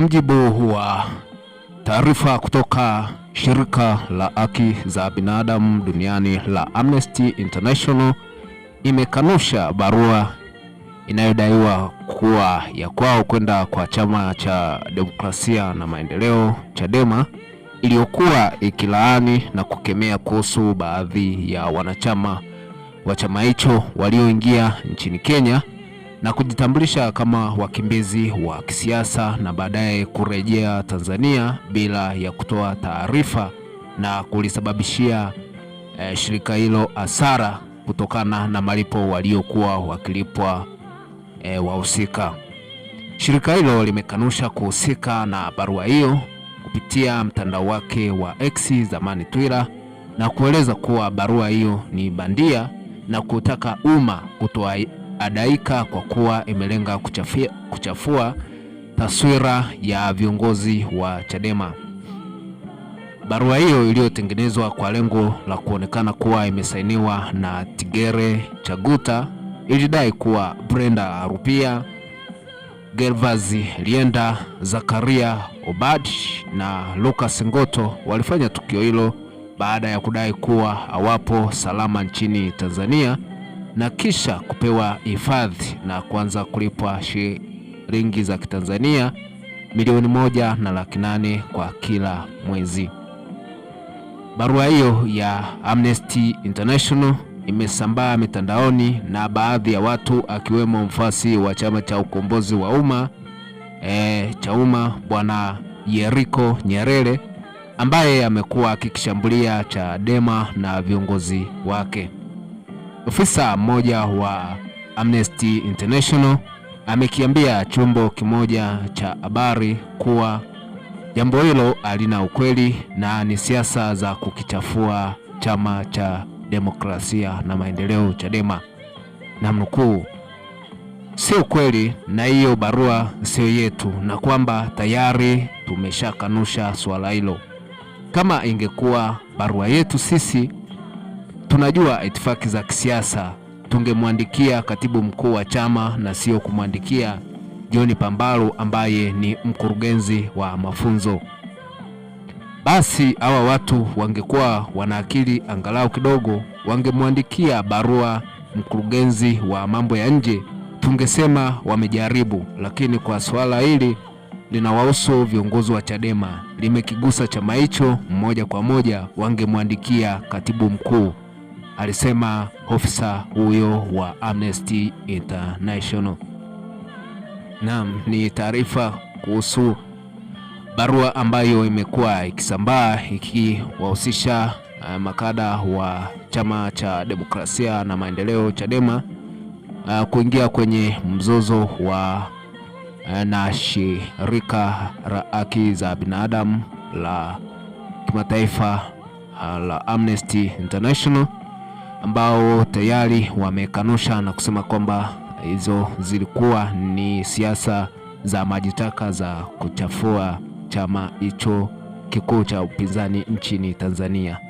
mjibu wa taarifa kutoka shirika la haki za binadamu duniani la Amnesty International, imekanusha barua inayodaiwa kuwa ya kwao kwenda kwa chama cha demokrasia na maendeleo Chadema iliyokuwa ikilaani na kukemea kuhusu baadhi ya wanachama wa chama hicho walioingia nchini Kenya na kujitambulisha kama wakimbizi wa kisiasa na baadaye kurejea Tanzania bila ya kutoa taarifa na kulisababishia eh, shirika hilo hasara kutokana na malipo waliokuwa wakilipwa eh, wahusika. Shirika hilo limekanusha kuhusika na barua hiyo kupitia mtandao wake wa X zamani Twitter na kueleza kuwa barua hiyo ni bandia na kutaka umma kutoa adaika kwa kuwa imelenga kuchafia, kuchafua taswira ya viongozi wa Chadema. Barua hiyo iliyotengenezwa kwa lengo la kuonekana kuwa imesainiwa na Tigere Chaguta ilidai kuwa Brenda Rupia, Gervas Lienda, Zakaria Obad na Lucas Ngoto walifanya tukio hilo baada ya kudai kuwa hawapo salama nchini Tanzania na kisha kupewa hifadhi na kuanza kulipwa shilingi za Kitanzania milioni moja na laki nane kwa kila mwezi. Barua hiyo ya Amnesty International imesambaa mitandaoni na baadhi ya watu akiwemo mfasi wa chama cha ukombozi wa umma e, cha umma Bwana Yeriko Nyerere ambaye amekuwa akikishambulia Chadema na viongozi wake. Ofisa mmoja wa Amnesty International amekiambia chombo kimoja cha habari kuwa jambo hilo halina ukweli na ni siasa za kukichafua chama cha demokrasia na maendeleo Chadema, na mnukuu, sio kweli na hiyo barua sio yetu, na kwamba tayari tumeshakanusha suala hilo. Kama ingekuwa barua yetu sisi Tunajua itifaki za kisiasa, tungemwandikia katibu mkuu wa chama na sio kumwandikia John Pambalu ambaye ni mkurugenzi wa mafunzo. Basi hawa watu wangekuwa wana akili angalau kidogo, wangemwandikia barua mkurugenzi wa mambo ya nje, tungesema wamejaribu. Lakini kwa suala hili linawahusu viongozi wa Chadema, limekigusa chama hicho moja kwa moja, wangemwandikia katibu mkuu alisema ofisa huyo wa Amnesty International. Naam, ni taarifa kuhusu barua ambayo imekuwa ikisambaa ikiwahusisha uh, makada wa chama cha demokrasia na maendeleo Chadema uh, kuingia kwenye mzozo wa uh, na shirika la haki za binadamu la kimataifa uh, la Amnesty International ambao tayari wamekanusha na kusema kwamba hizo zilikuwa ni siasa za majitaka za kuchafua chama hicho kikuu cha upinzani nchini Tanzania.